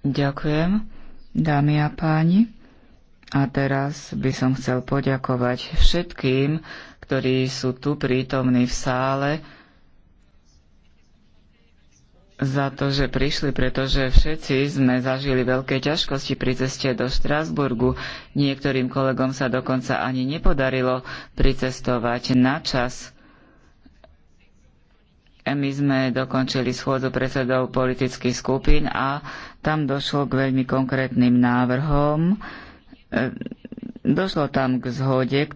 Ďakujem, dámy a páni. A teraz by som chcel poďakovať všetkým, ktorí sú tu prítomní v sále, za to, že prišli, pretože všetci sme zažili veľké ťažkosti pri ceste do Štrásburgu. Niektorým kolegom sa dokonca ani nepodarilo pricestovať na čas. My sme dokončili schôdzu predsedov politických skupín a tam došlo k veľmi konkrétnym návrhom. E, došlo tam k zhode,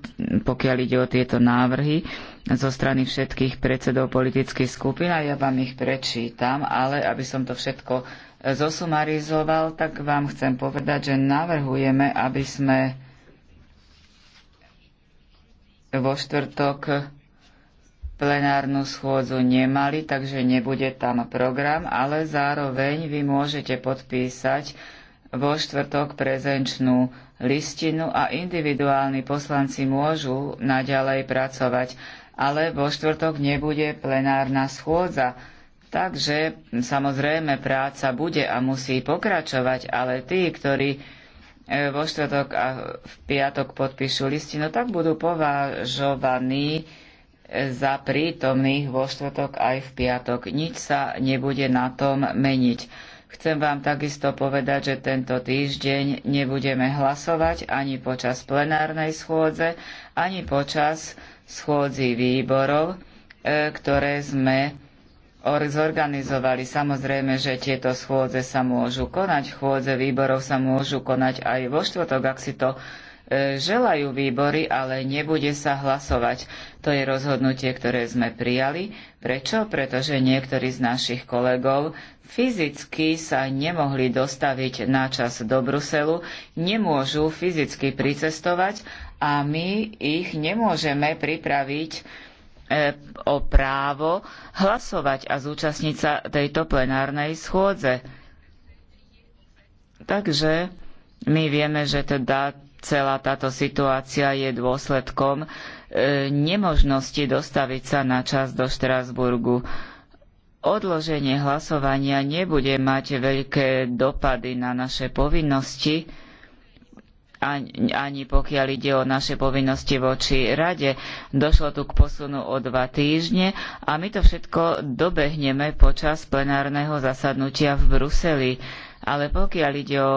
pokiaľ ide o tieto návrhy zo strany všetkých predsedov politických skupín a ja vám ich prečítam, ale aby som to všetko e, zosumarizoval, tak vám chcem povedať, že navrhujeme, aby sme vo štvrtok plenárnu schôdzu nemali, takže nebude tam program, ale zároveň vy môžete podpísať vo štvrtok prezenčnú listinu a individuálni poslanci môžu naďalej pracovať, ale vo štvrtok nebude plenárna schôdza. Takže samozrejme práca bude a musí pokračovať, ale tí, ktorí e, vo štvrtok a v piatok podpíšu listinu, tak budú považovaní za prítomných vo štvrtok aj v piatok. Nič sa nebude na tom meniť. Chcem vám takisto povedať, že tento týždeň nebudeme hlasovať ani počas plenárnej schôdze, ani počas schôdzi výborov, e, ktoré sme zorganizovali. Samozrejme, že tieto schôdze sa môžu konať, chôdze výborov sa môžu konať aj vo štvrtok, ak si to E, želajú výbory, ale nebude sa hlasovať. To je rozhodnutie, ktoré sme prijali. Prečo? Pretože niektorí z našich kolegov fyzicky sa nemohli dostaviť na čas do Bruselu, nemôžu fyzicky pricestovať a my ich nemôžeme pripraviť e, o právo hlasovať a zúčastniť sa tejto plenárnej schôdze. Takže my vieme, že teda celá táto situácia je dôsledkom e, nemožnosti dostaviť sa na čas do Štrasburgu. Odloženie hlasovania nebude mať veľké dopady na naše povinnosti, ani, ani pokiaľ ide o naše povinnosti voči rade. Došlo tu k posunu o dva týždne a my to všetko dobehneme počas plenárneho zasadnutia v Bruseli ale pokiaľ ide o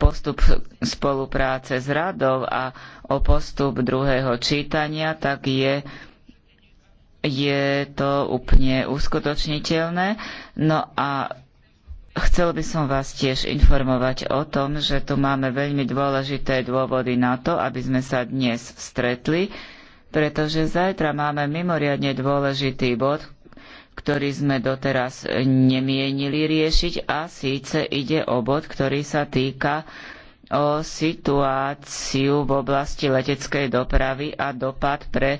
postup spolupráce s radou a o postup druhého čítania, tak je, je to úplne uskutočniteľné. No a Chcel by som vás tiež informovať o tom, že tu máme veľmi dôležité dôvody na to, aby sme sa dnes stretli, pretože zajtra máme mimoriadne dôležitý bod, ktorý sme doteraz nemienili riešiť a síce ide o bod, ktorý sa týka o situáciu v oblasti leteckej dopravy a dopad pre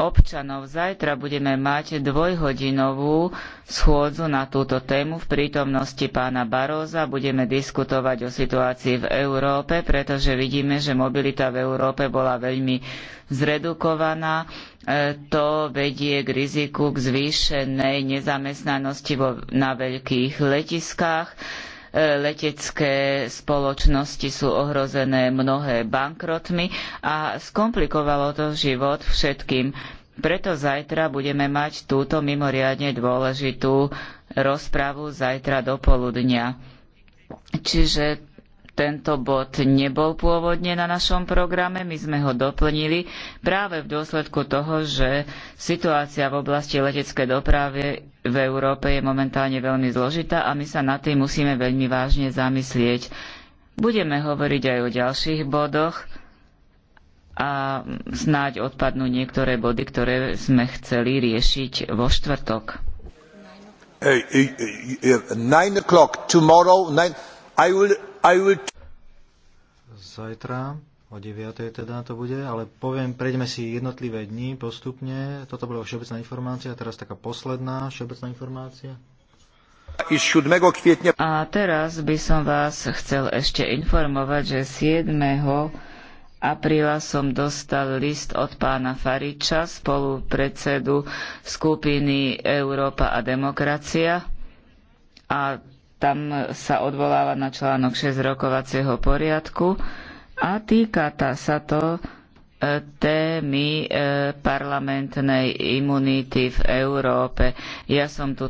občanov. Zajtra budeme mať dvojhodinovú schôdzu na túto tému. V prítomnosti pána Baróza budeme diskutovať o situácii v Európe, pretože vidíme, že mobilita v Európe bola veľmi zredukovaná. E, to vedie k riziku k zvýšenej nezamestnanosti na veľkých letiskách E, letecké spoločnosti sú ohrozené mnohé bankrotmi a skomplikovalo to život všetkým. Preto zajtra budeme mať túto mimoriadne dôležitú rozpravu zajtra do poludnia. Čiže tento bod nebol pôvodne na našom programe, my sme ho doplnili práve v dôsledku toho, že situácia v oblasti leteckej dopravy v Európe je momentálne veľmi zložitá a my sa nad tým musíme veľmi vážne zamyslieť. Budeme hovoriť aj o ďalších bodoch a snáď odpadnú niektoré body, ktoré sme chceli riešiť vo štvrtok. Nine o'clock tomorrow. Nine, I will Zajtra o 9. teda to bude, ale poviem, prejdeme si jednotlivé dni postupne. Toto bola všeobecná informácia, teraz taká posledná všeobecná informácia. A teraz by som vás chcel ešte informovať, že 7. apríla som dostal list od pána Fariča, spolupredsedu skupiny Európa a demokracia. A tam sa odvoláva na článok 6 rokovacieho poriadku a týka tá sa to e, témy e, parlamentnej imunity v Európe. Ja som tu